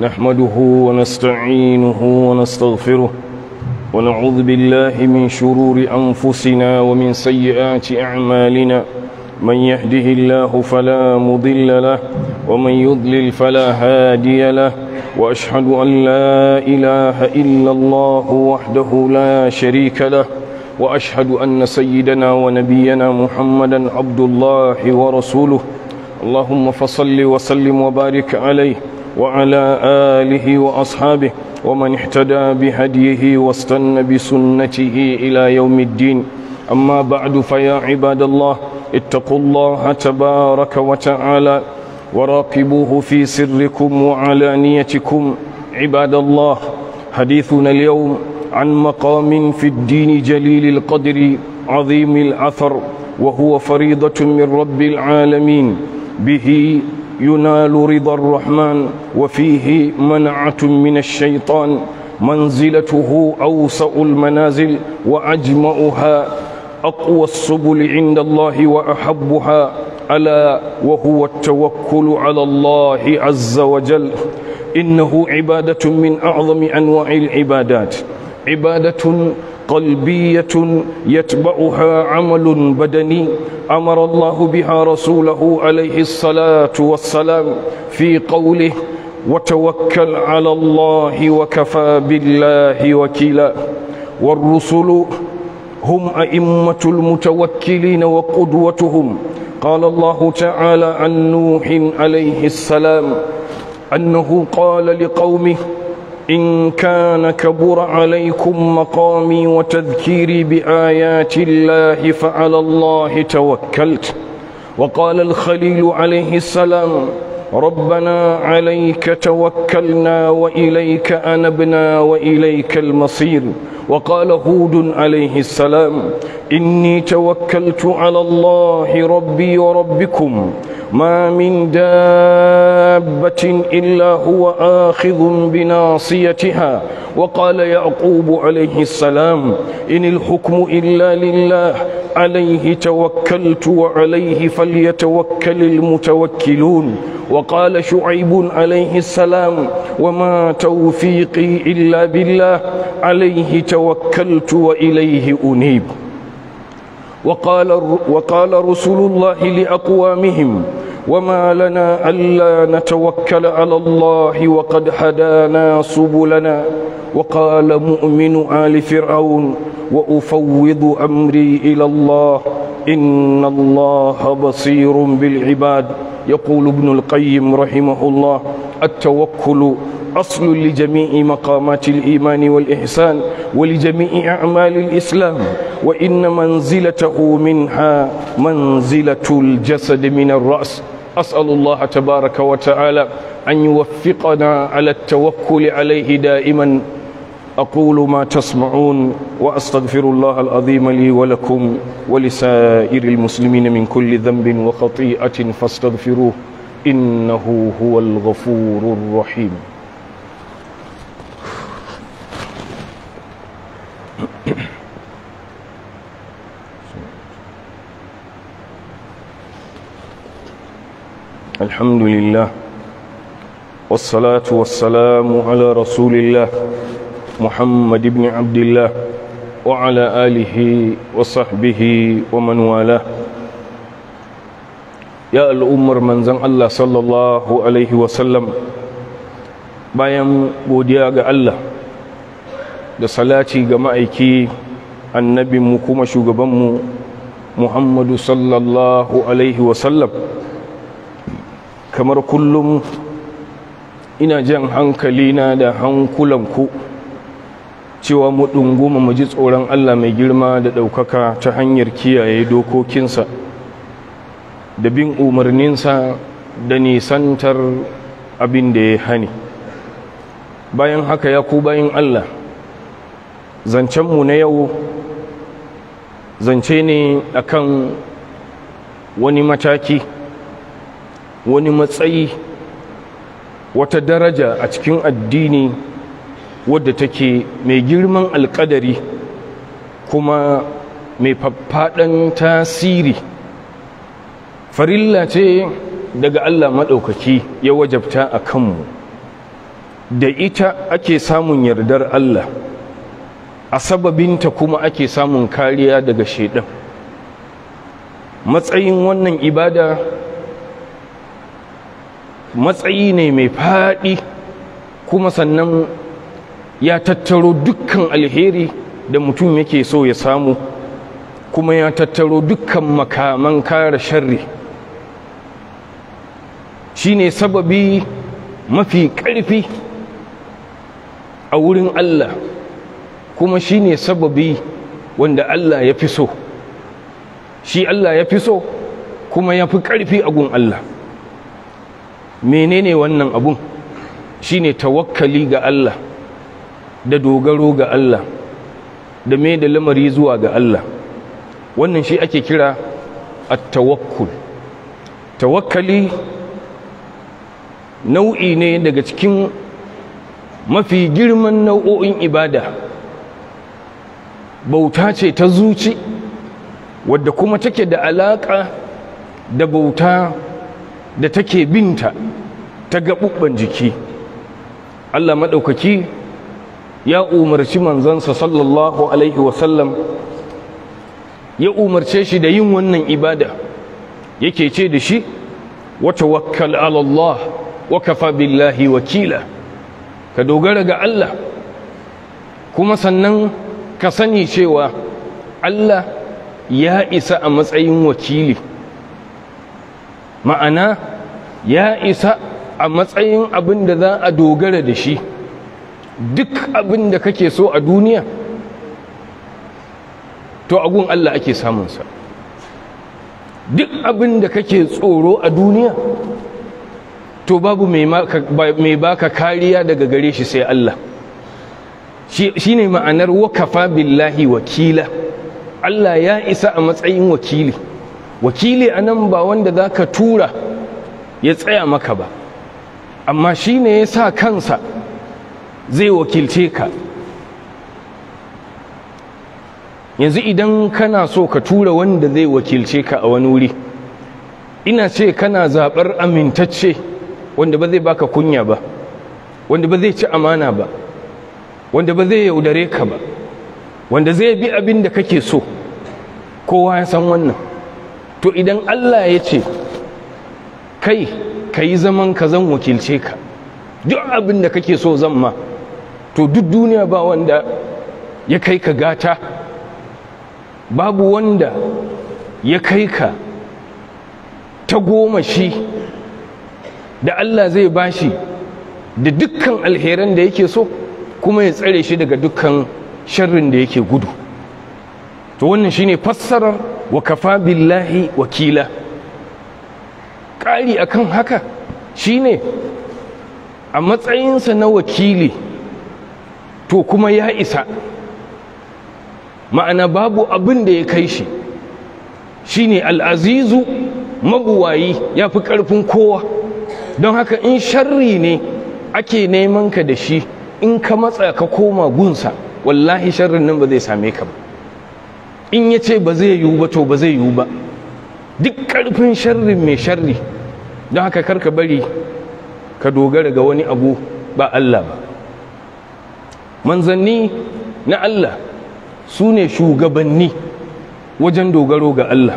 نحمده ونستعينه ونستغفره ونعوذ بالله من شرور أنفسنا ومن سيئات أعمالنا من يهده الله فلا مضل له ومن يضلل فلا هادي له وأشهد أن لا إله إلا الله وحده لا شريك له وأشهد أن سيدنا ونبينا محمدا عبد الله ورسوله اللهم فصل وسلم وبارك عليه وعلى آله وأصحابه ومن اهتدى بهديه واستنى بسنته إلى يوم الدين أما بعد فيا عباد الله اتقوا الله تبارك وتعالى وراقبوه في سركم وعلانيتكم عباد الله حديثنا اليوم عن مقام في الدين جليل القدر عظيم الأثر وهو فريضة من رب العالمين به ينال رضا الرحمن وفيه منعة من الشيطان منزلته أوسع المنازل وأجمعها أقوى السبل عند الله وأحبها ألا وهو التوكل على الله عز وجل إنه عبادة من أعظم أنواع العبادات عبادة قلبية يتبعها عمل بدني أمر الله بها رسوله عليه الصلاة والسلام في قوله وتوكل على الله وكفى بالله وكيلا والرسل هم أئمة المتوكلين وقدوتهم قال الله تعالى عن نوح عليه السلام أنه قال لقومه إن كان كبر عليكم مقامي وتذكيري بآيات الله فعلى الله توكلت وقال الخليل عليه السلام ربنا عليك توكلنا وإليك أنبنا وإليك المصير وقال هود عليه السلام إني توكلت على الله ربي وربكم ما من دابة إلا هو آخذ بناصيتها وقال يعقوب عليه السلام إن الحكم إلا لله عليه توكلت وعليه فليتوكل المتوكلون وقال شعيب عليه السلام وما توفيقي إلا بالله عليه توكلت وإليه أنيب وقال وقال رسول الله لأقوامهم وما لنا ألا نتوكل على الله وقد هدانا سبلنا وقال مؤمن آل فرعون وأفوض أمري إلى الله إن الله بصير بالعباد يقول ابن القيم رحمه الله التوكل أصل لجميع مقامات الإيمان والإحسان ولجميع أعمال الإسلام وإن منزلته منها منزلة الجسد من الرأس أسأل الله تبارك وتعالى أن يوفقنا على التوكل عليه دائما أقول ما تسمعون وأستغفر الله العظيم لي ولكم ولسائر المسلمين من كل ذنب وخطيئة فاستغفروه إنه هو الغفور الرحيم الحمد لله والصلاة والسلام على رسول الله محمد بن عبد الله وعلى آله وصحبه ومن والاه يا الأمر من زن الله صلى الله عليه وسلم بايم وديا الله da salati ga ma'aiki annabinmu kuma shugabanmu muhammadu sallallahu alaihi wasallam kamar kullum ina jan hankali na da hankulanku cewa mu ɗunguma mu ji tsoron allah mai girma da ɗaukaka ta hanyar kiyaye dokokinsa da bin umarninsa da nisantar abin da ya hani bayan haka ya ku bayan allah zancenmu na yau zance ne akan wani mataki wani matsayi wata daraja a cikin addini wadda take mai girman alƙadari kuma mai faffaɗan tasiri farilla ce daga Allah maɗaukaki ya wajabta a kanmu da ita ake samun yardar Allah a sababinta kuma ake samun kariya daga shaidan matsayin wannan ibada matsayi ne mai faɗi kuma sannan ya tattaro dukkan alheri da mutum yake so ya samu kuma ya tattaro dukkan makaman kare sharri ne sababi mafi ƙarfi a wurin Allah kuma shi ne sababi wanda Allah ya fi so shi Allah ya fi so kuma ya fi ƙarfi a gun Allah menene wannan abun shi ne tawakkali ga Allah da dogaro ga Allah da mai da lamari zuwa ga Allah wannan shi ake kira a tawakkul tawakkali nau'i ne daga cikin mafi girman nau'o'in ibada bauta ce ta zuci wadda kuma take da alaƙa da bauta da take binta ta gaɓuɓɓen jiki Allah maɗaukaki ya umarci manzansa sallallahu alaihi wasallam ya umarce shi da yin wannan ibada yake ce da shi wata wakkal Allah wa kafa billahi wakila ka dogara ga Allah kuma sannan ka sani cewa Allah ya isa a matsayin wakili ma'ana ya isa a matsayin abin da za a dogara da shi duk abin da kake so a duniya to agun Allah ake sa duk abin da kake tsoro a duniya to babu mai baka kariya daga gare shi sai Allah shi ne ma'anar wakafa billahi wakila Allah ya isa a matsayin wakili wakili a nan ba wanda za ka tura ya tsaya maka ba amma shi ne ya sa kansa zai wakilce ka yanzu idan kana so ka tura wanda zai wakilce ka a wani wuri ina ce kana zaɓar amintacce wanda ba zai baka kunya ba wanda ba zai ci amana ba wanda ba zai yaudare ka ba wanda zai bi abin da kake so kowa ya san wannan to idan Allah ya ce kai ka yi zaman ka zan wakilce ka duk abin da kake so zan ma to duk duniya ba wanda ya kai ka gata babu wanda ya kai ka ta goma shi da Allah zai bashi da dukkan alheran da yake so kuma ya tsare shi daga dukkan sharrin da yake gudu to wannan shine fassarar wa kafa billahi wakila ƙari akan haka shine a matsayinsa na wakili to kuma ya isa ma'ana babu abin da ya kai shi shine al'azizu mabuwayi ya fi ƙarfin kowa don haka in sharri ne ake neman ka da shi in ka matsa ka koma gunsa wallahi sharrin nan ba zai same ka ba in ya ce ba zai yiwu ba to ba zai yiwu ba duk ƙarfin sharrin mai sharri don haka kar ka bari ka dogara ga wani abu ba Allah ba manzanni na Allah su ne shugabanni wajen dogaro ga Allah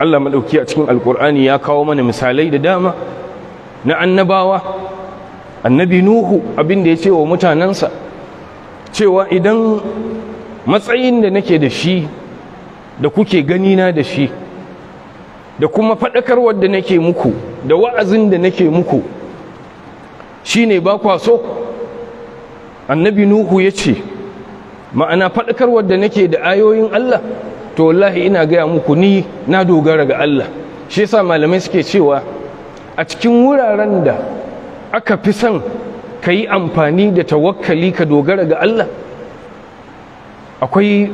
Allah maɗauki a cikin alkur'ani ya kawo mana misalai da dama na annabawa annabi nuhu abinda ya ce wa mutanensa cewa idan matsayin da nake da shi da kuke ganina da shi da kuma faɗakarwar da nake muku da wa'azin da nake muku shine ba kwa so annabi nuhu ya ce ma'ana faɗakarwar da nake da ayoyin Allah to wallahi ina gaya muku ni na dogara ga Allah shi yasa malamai suke cewa a cikin wuraren da aka fi son ka yi amfani da tawakkali ka dogara ga Allah akwai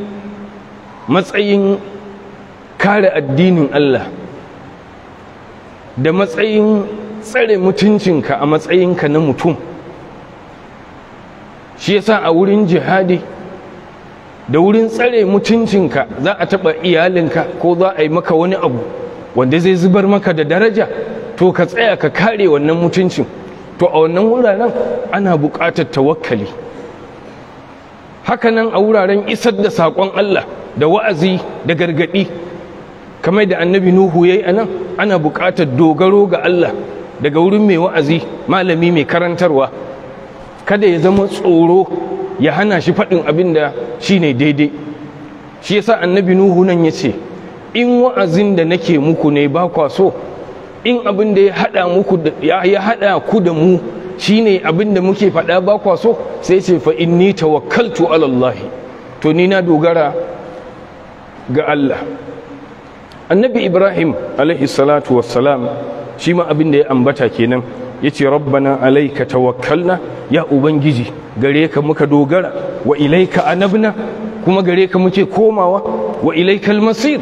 matsayin kare addinin Allah da matsayin tsare mutuncinka a matsayinka na mutum shi yasa a wurin jihadi da wurin tsare mutuncinka za a taɓa iyalinka ko za a yi maka wani abu wanda zai zubar maka da daraja to ka tsaya ka kare wannan mutuncin to a wannan wuraren ana buƙatar tawakkali hakanan a wuraren isar da saƙon Allah da wa'azi da gargaɗi kamar da annabi nuhu ya yi a ana buƙatar dogaro ga Allah daga wurin mai wa'azi malami mai karantarwa kada ya zama tsoro ya hana shi faɗin abin da shi ne daidai shi yasa annabi nuhu nan ya ce in wa'azin da nake muku ne ba kwa so in abin da ya haɗa muku ya ku da mu shine abin da muke faɗa ba kwa so sai ce fa inni tawakkaltu ala Allah to ni na dogara ga Allah annabi Ibrahim alaihi salatu wassalam shi ma abin da ya ambata kenan yace rabbana alayka tawakkalna ya ubangiji gare ka muka dogara wa ilaika anabna kuma gare ka muke komawa wa ilaikal masir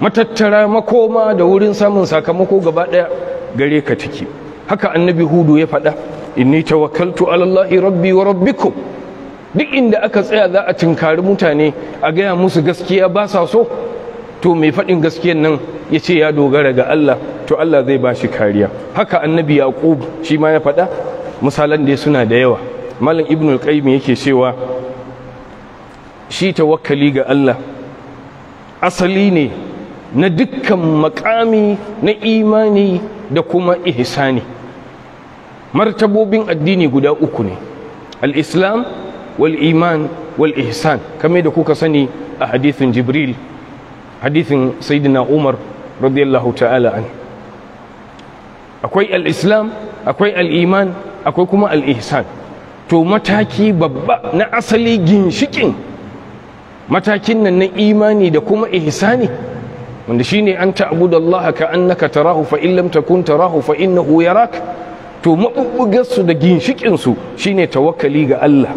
matattara makoma da wurin samun sakamako gaba daya gare ka take haka annabi hudu ya faɗa inni tawakkaltu ala allahi rabbi wa rabbikum duk inda aka tsaya za a tinkari mutane a gaya musu gaskiya ba sa so to mai faɗin gaskiyan nan ya ce ya dogara ga Allah to Allah zai ba shi kariya haka annabi yaqub shi ma ya faɗa misalan da suna da yawa malam ibnu al-qayyim yake cewa shi tawakkali ga Allah asali ne na dukkan makami na imani da kuma ihsani martabobin addini guda uku ne al-islam wal iman wal ihsan kamar da kuka sani a hadithin jibril hadithin sayyidina umar radiyallahu ta'ala an akwai al-islam akwai al-iman akwai kuma al-ihsan to mataki babba na asali ginshikin matakin nan na imani da kuma ihsani wanda shi ne an Allah ka annaka tarahu fa in lam takun tarahu fa innahu yarak to mabubbugar su da ginshikin su shine tawakkali ga Allah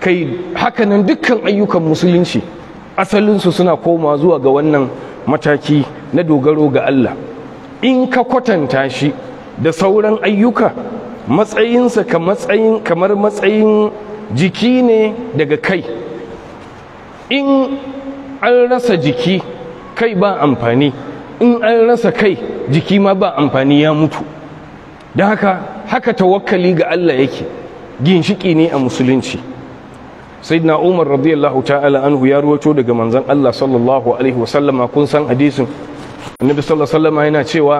kai hakanan dukkan ayyukan musulunci asalinsu suna koma zuwa ga wannan mataki na dogaro ga Allah in ka kwatanta shi da sauran ayyuka matsayinsa kamar matsayin jiki ne daga kai in an rasa jiki kai ba amfani in an rasa kai jiki ma ba amfani ya mutu don haka haka tawakkali ga Allah yake ginshiki ne a musulunci sayyidina umar radiyallahu ta'ala anhu ya ruwato daga manzon Allah sallallahu alaihi wasallama kun san hadisin annabi sallallahu alaihi wasallama yana cewa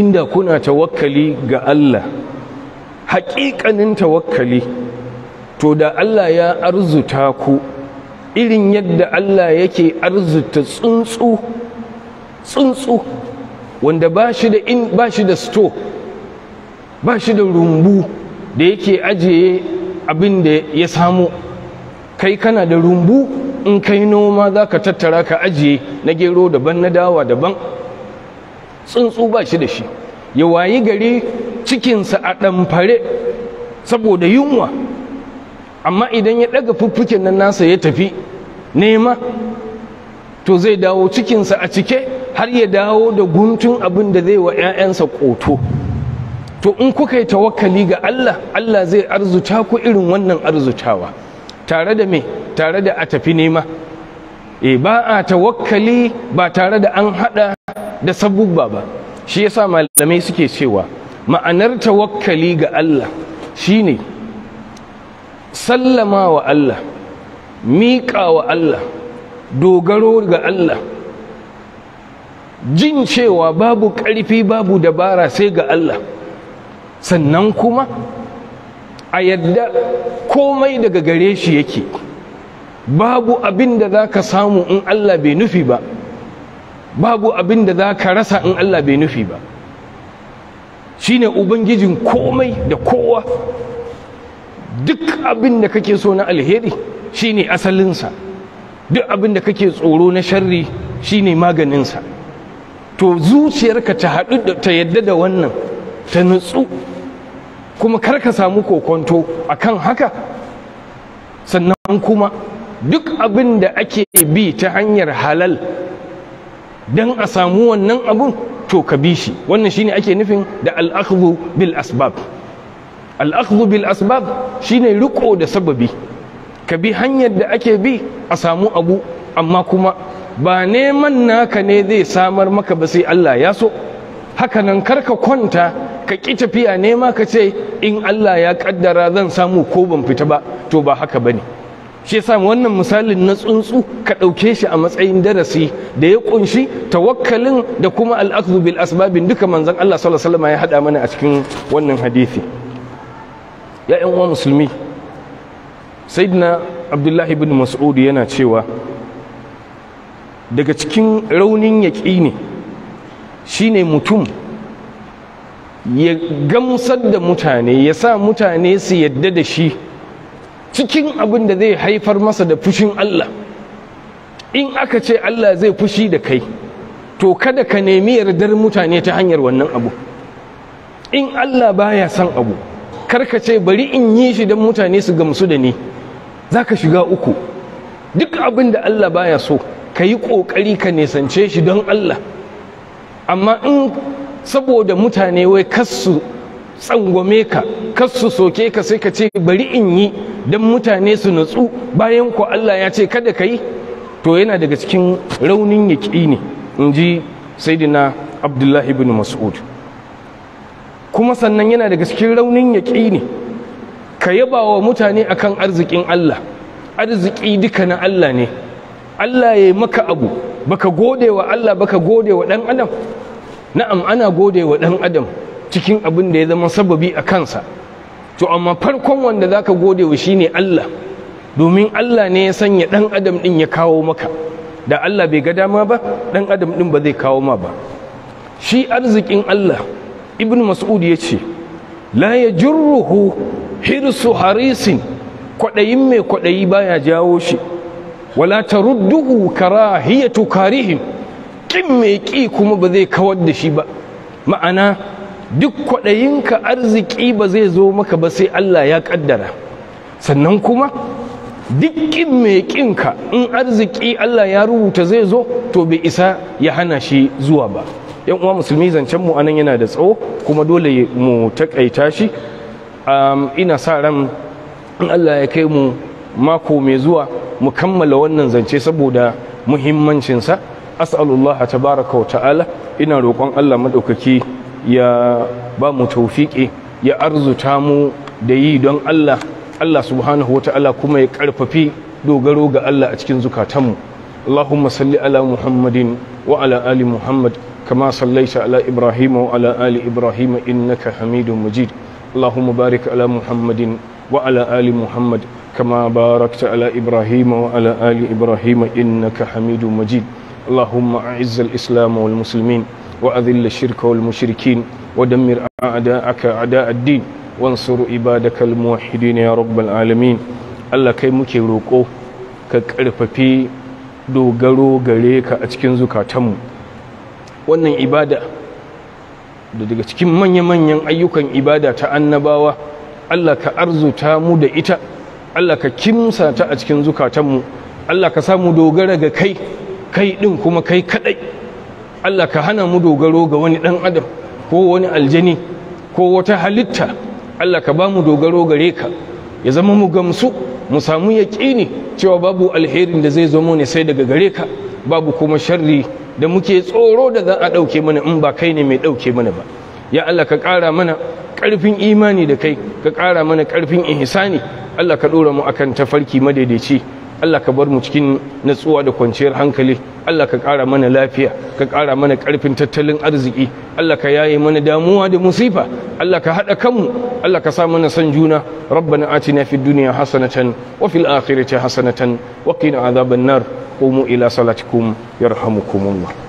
inda kuna tawakkali ga Allah haƙiƙanin tawakkali to da Allah ya arzuta ku irin yadda Allah yake arzuta tsuntsu tsuntsu wanda ba shi da in ba shi da sto ba shi da rumbu da yake ajiye abin da ya samu kai kana da rumbu in kai noma za ka tattara ka ajiye na gero daban na dawa daban tsuntsu ba shi da shi ya wayi gari cikinsa a ɗamfare saboda yunwa amma idan ya ɗaga fuffuken nan nasa ya tafi nema to zai dawo cikinsa a cike har ya dawo da guntun abin da zai wa 'ya'yansa ƙoto to in kuka yi tawakkali ga Allah Allah zai arzuta ku irin wannan arzutawa tare da me tare da a tafi nema e ba a tawakkali ba tare da an hada da sabubba ba shi yasa malamai suke cewa ma'anar tawakkali ga Allah shine sallama wa Allah miƙa wa Allah dogaro ga Allah jin cewa babu ƙarfi babu dabara sai ga Allah sannan kuma a yadda komai daga gare shi yake babu abin da za ka samu in Allah bai nufi ba babu abin da za ka rasa in Allah bai nufi ba shine ubangijin komai da kowa duk abin da kake so na alheri shine asalinsa duk abin da kake tsoro na sharri shine maganinsa to zuciyarka ta haɗu ta yadda da wannan ta nutsu kuma kar ka samu kokonto akan haka sannan kuma duk abin da ake bi ta hanyar halal don a samu wannan abun to ka bi shi wannan shine ake nufin da al'akhu bil asbab al'akhdhu bil asbab shine riko da sababi ka bi hanyar da ake bi a samu abu amma kuma ba neman naka ne zai samar maka ba sai Allah ya so haka nan karka kwanta ka ki tafiya nema ka ce in Allah ya kaddara zan samu ko ban fita ba to ba haka bane shi yasa wannan misalin na tsuntsu ka ɗauke shi a matsayin darasi da ya kunshi tawakkalin da kuma al'akhdhu bil asbabin duka manzon Allah sallallahu alaihi wasallam ya hada mana a cikin wannan hadisi ya yan uwa musulmi sayyidina abdullahi bin mas'ud yana cewa daga cikin raunin yaƙini shine mutum ya gamsar da mutane ya sa mutane su yadda da shi cikin abin da zai haifar masa da fushin Allah in aka ce Allah zai fushi da kai to kada ka nemi yardar mutane ta hanyar wannan abu in Allah baya son abu karka ce bari in yi shi don mutane su gamsu da ni za ka shiga uku duk abin da Allah baya so ka yi ƙoƙari ka nisance shi don Allah amma in saboda mutane wai kassu tsangwame ka kassu soke ka sai ka ce bari in yi don mutane su natsu bayan ku Allah ya ce kada ka yi to yana daga cikin raunin yaƙi ne in ji saidina abdullahi bin mas'ud kuma sannan yana daga cikin raunin ne. ka yaba wa mutane akan arzikin Allah arziki duka na Allah ne Allah ya yi maka abu baka gode wa Allah baka gode wa ɗan adam na'am ana gode wa ɗan adam cikin abin da ya zama sababi a kansa to amma farkon wanda zaka gode wa shine Allah domin Allah ne ya sanya ɗan adam ɗin ya kawo maka da Allah bai ga dama ba ɗan adam ɗin ba zai kawo ma ba shi arzikin Allah ibn mas'ud ya ce la ya jirruhu hirsu harisin kwaɗayin mai kwaɗayi baya jawo shi wala ta rudduhu karahiyatu karihin ƙin mai ƙi kuma ba zai kawar da shi ba ma'ana duk kwaɗayin ka arziki ba zai zo maka ba sai Allah ya ƙaddara sannan kuma duk ƙin mai ƙinka in arziki Allah ya rubuta zai zo to bai isa ya hana shi zuwa ba yan uwa musulmi zancen mu anan yana da tsawo kuma dole mu takaita shi ina sa ran in Allah ya kai mu mako mai zuwa mu kammala wannan zance saboda muhimmancinsa as'alullah tabaraka wa ta'ala ina roƙon Allah madaukaki ya ba mu taufiƙi ya arzuta mu da yi don Allah Allah subhanahu wa ta'ala kuma ya karfafi dogaro ga Allah a cikin zukatanmu Allahumma salli ala Muhammadin wa ala ali Muhammad كما صليت على إبراهيم وعلى آل إبراهيم إنك حميد مجيد اللهم بارك على محمد وعلى آل محمد كما باركت على إبراهيم وعلى آل إبراهيم إنك حميد مجيد اللهم أعز الإسلام والمسلمين وأذل الشرك والمشركين ودمر أعداءك أعداء الدين wansur ibadaka almuwahhidin ya rabbal alamin Allah kai muke roko ka karfafi dogaro gare ka a cikin zukatanmu wannan ibada da daga cikin manya-manyan ayyukan ibada ta annabawa Allah ka arzuta mu da ita Allah ka kimsa ta a cikin zukatanmu Allah ka samu dogara ga kai kai ɗin kuma kai kaɗai Allah ka hana mu dogaro ga wani ɗan adam ko wani aljani ko wata halitta Allah ka ba mu dogaro gare ka ya zama mu gamsu mu samu yaƙini cewa babu alherin da zai zama ne sai daga gare ka babu kuma sharri da muke tsoro da za a ɗauke mana in ba kai ne mai ɗauke mana ba ya Allah ka ƙara mana ƙarfin imani da kai ka ƙara mana ƙarfin ihsani Allah ka ɗora mu akan tafarki madaidaici Allah ka bar mu cikin natsuwa da kwanciyar hankali Allah ka ƙara mana lafiya ka ƙara mana ƙarfin tattalin arziki Allah ka yaye mana damuwa da musifa Allah ka haɗa kanmu Allah ka sa mana son juna rabbana atina fid dunya hasanatan wa fil akhirati hasanatan wa qina adhaban nar qumu ila salatikum yarhamukumullah